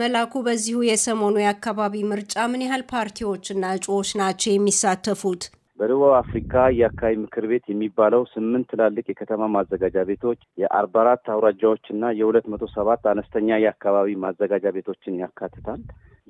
መላኩ በዚሁ የሰሞኑ የአካባቢ ምርጫ ምን ያህል ፓርቲዎችና እጩዎች ናቸው የሚሳተፉት? በደቡብ አፍሪካ የአካባቢ ምክር ቤት የሚባለው ስምንት ትላልቅ የከተማ ማዘጋጃ ቤቶች የአርባ አራት ና የሁለት መቶ ሰባት አነስተኛ የአካባቢ ማዘጋጃ ቤቶችን ያካትታል።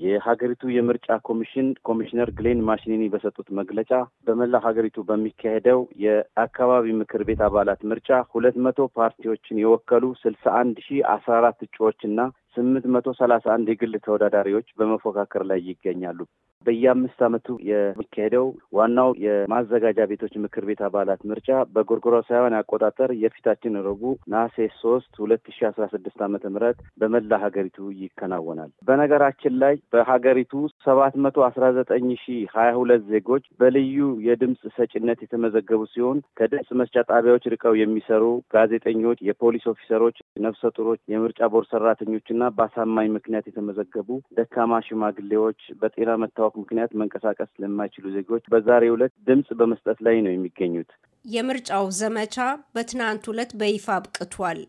የሀገሪቱ የምርጫ ኮሚሽን ኮሚሽነር ግሌን ማሽኒኒ በሰጡት መግለጫ በመላ ሀገሪቱ በሚካሄደው የአካባቢ ምክር ቤት አባላት ምርጫ ሁለት መቶ ፓርቲዎችን የወከሉ ስልሳ አንድ ሺ አስራ አራት እጩዎችና ስምንት መቶ ሰላሳ አንድ የግል ተወዳዳሪዎች በመፎካከር ላይ ይገኛሉ። በየአምስት ዓመቱ የሚካሄደው ዋናው የማዘጋጃ ቤቶች ምክር ቤት አባላት ምርጫ በጎርጎሮሳውያን አቆጣጠር የፊታችን ረቡዕ ነሐሴ ሶስት ሁለት ሺ አስራ ስድስት ዓመተ ምህረት በመላ ሀገሪቱ ይከናወናል። በነገራችን ላይ በሀገሪቱ ሰባት መቶ አስራ ዘጠኝ ሺ ሀያ ሁለት ዜጎች በልዩ የድምፅ ሰጭነት የተመዘገቡ ሲሆን ከድምፅ መስጫ ጣቢያዎች ርቀው የሚሰሩ ጋዜጠኞች፣ የፖሊስ ኦፊሰሮች፣ ነፍሰ ጡሮች፣ የምርጫ ቦርድ ሰራተኞችና በአሳማኝ ምክንያት የተመዘገቡ ደካማ ሽማግሌዎች፣ በጤና መታወክ ምክንያት መንቀሳቀስ ለማይችሉ ዜጎች በዛሬ ዕለት ድምፅ በመስጠት ላይ ነው የሚገኙት። የምርጫው ዘመቻ በትናንት ዕለት በይፋ አብቅቷል።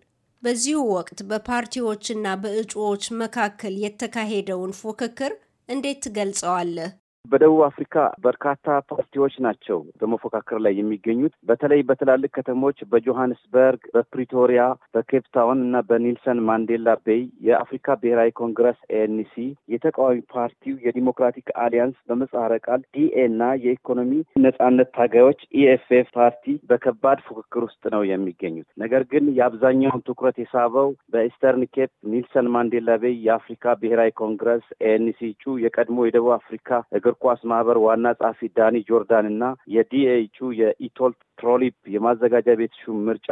በዚሁ ወቅት በፓርቲዎችና በእጩዎች መካከል የተካሄደውን ፉክክር እንዴት ትገልጸዋለህ? በደቡብ አፍሪካ በርካታ ፓርቲዎች ናቸው በመፎካከር ላይ የሚገኙት። በተለይ በትላልቅ ከተሞች በጆሃንስበርግ፣ በፕሪቶሪያ፣ በኬፕታውን እና በኒልሰን ማንዴላ ቤይ የአፍሪካ ብሔራዊ ኮንግረስ ኤንሲ፣ የተቃዋሚ ፓርቲው የዲሞክራቲክ አሊያንስ በምህጻረ ቃል ዲኤ እና የኢኮኖሚ ነጻነት ታጋዮች ኢኤፍኤፍ ፓርቲ በከባድ ፉክክር ውስጥ ነው የሚገኙት። ነገር ግን የአብዛኛውን ትኩረት የሳበው በኢስተርን ኬፕ ኒልሰን ማንዴላ ቤይ የአፍሪካ ብሔራዊ ኮንግረስ ኤንሲ እጩ የቀድሞ የደቡብ አፍሪካ እግር የእግር ኳስ ማህበር ዋና ጸሐፊ ዳኒ ጆርዳን እና የዲኤ እጩ የኢቶል ትሮሊፕ የማዘጋጃ ቤት ሹም ምርጫ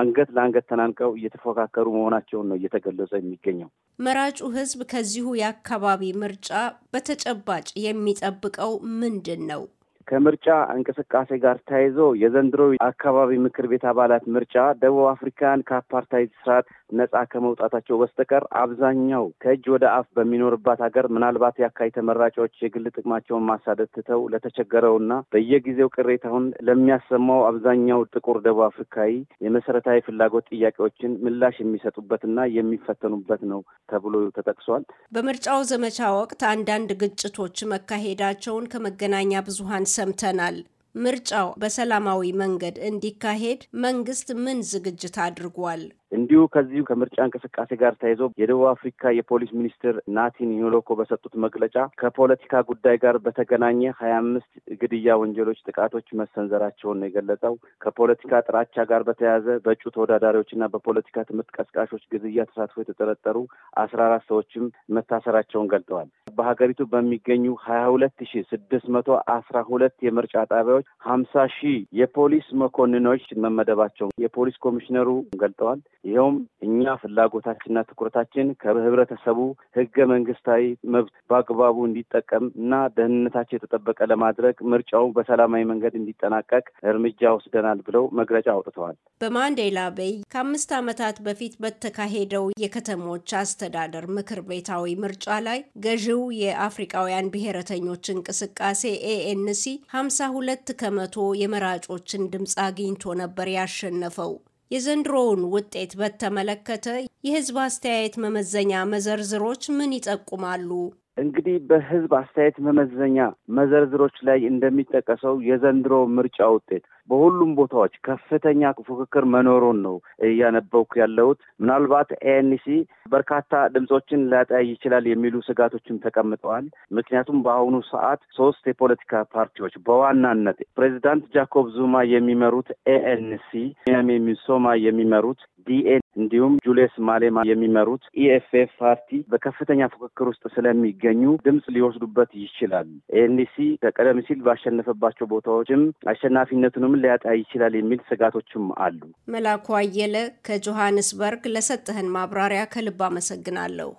አንገት ለአንገት ተናንቀው እየተፎካከሩ መሆናቸውን ነው እየተገለጸ የሚገኘው። መራጩ ህዝብ ከዚሁ የአካባቢ ምርጫ በተጨባጭ የሚጠብቀው ምንድን ነው? ከምርጫ እንቅስቃሴ ጋር ተያይዞ የዘንድሮ አካባቢ ምክር ቤት አባላት ምርጫ ደቡብ አፍሪካን ከአፓርታይድ ስርዓት ነጻ ከመውጣታቸው በስተቀር አብዛኛው ከእጅ ወደ አፍ በሚኖርባት ሀገር ምናልባት የአካባቢ ተመራጮች የግል ጥቅማቸውን ማሳደድ ትተው ለተቸገረውና በየጊዜው ቅሬታውን ለሚያሰማው አብዛኛው ጥቁር ደቡብ አፍሪካዊ የመሰረታዊ ፍላጎት ጥያቄዎችን ምላሽ የሚሰጡበትና የሚፈተኑበት ነው ተብሎ ተጠቅሷል። በምርጫው ዘመቻ ወቅት አንዳንድ ግጭቶች መካሄዳቸውን ከመገናኛ ብዙሀን ሰምተናል። ምርጫው በሰላማዊ መንገድ እንዲካሄድ መንግስት ምን ዝግጅት አድርጓል? እንዲሁ ከዚሁ ከምርጫ እንቅስቃሴ ጋር ተያይዞ የደቡብ አፍሪካ የፖሊስ ሚኒስትር ናቲን ኒሎኮ በሰጡት መግለጫ ከፖለቲካ ጉዳይ ጋር በተገናኘ ሀያ አምስት ግድያ ወንጀሎች፣ ጥቃቶች መሰንዘራቸውን ነው የገለጸው። ከፖለቲካ ጥራቻ ጋር በተያያዘ በእጩ ተወዳዳሪዎችና በፖለቲካ ትምህርት ቀስቃሾች ግድያ ተሳትፎ የተጠረጠሩ አስራ አራት ሰዎችም መታሰራቸውን ገልጠዋል። በሀገሪቱ በሚገኙ ሀያ ሁለት ሺ ስድስት መቶ አስራ ሁለት የምርጫ ጣቢያዎች ሀምሳ ሺህ የፖሊስ መኮንኖች መመደባቸውን የፖሊስ ኮሚሽነሩ ገልጠዋል። ይኸውም እኛ ፍላጎታችንና ትኩረታችን ከህብረተሰቡ ህገ መንግስታዊ መብት በአግባቡ እንዲጠቀም እና ደህንነታቸው የተጠበቀ ለማድረግ ምርጫው በሰላማዊ መንገድ እንዲጠናቀቅ እርምጃ ወስደናል ብለው መግለጫ አውጥተዋል። በማንዴላ በይ ከአምስት ዓመታት በፊት በተካሄደው የከተሞች አስተዳደር ምክር ቤታዊ ምርጫ ላይ ገዢው የአፍሪካውያን ብሔረተኞች እንቅስቃሴ ኤኤንሲ ሀምሳ ሁለት ከመቶ የመራጮችን ድምፅ አግኝቶ ነበር ያሸነፈው። የዘንድሮውን ውጤት በተመለከተ የህዝብ አስተያየት መመዘኛ መዘርዝሮች ምን ይጠቁማሉ? እንግዲህ በህዝብ አስተያየት መመዘኛ መዘርዝሮች ላይ እንደሚጠቀሰው የዘንድሮ ምርጫ ውጤት በሁሉም ቦታዎች ከፍተኛ ፉክክር መኖሩን ነው እያነበብኩ ያለሁት። ምናልባት ኤንሲ በርካታ ድምፆችን ሊያጣይ ይችላል የሚሉ ስጋቶችም ተቀምጠዋል። ምክንያቱም በአሁኑ ሰዓት ሶስት የፖለቲካ ፓርቲዎች በዋናነት ፕሬዚዳንት ጃኮብ ዙማ የሚመሩት ኤንሲ፣ ሚያሚ ሚሶማ የሚመሩት ዲኤን እንዲሁም ጁልየስ ማሌማ የሚመሩት ኢኤፍኤፍ ፓርቲ በከፍተኛ ፉክክር ውስጥ ስለሚገኙ ድምፅ ሊወስዱበት ይችላል። ኤንዲሲ ከቀደም ሲል ባሸነፈባቸው ቦታዎችም አሸናፊነቱንም ሊያጣ ይችላል የሚል ስጋቶችም አሉ። መላኩ አየለ ከጆሃንስበርግ ለሰጠህን ማብራሪያ ከልብ አመሰግናለሁ።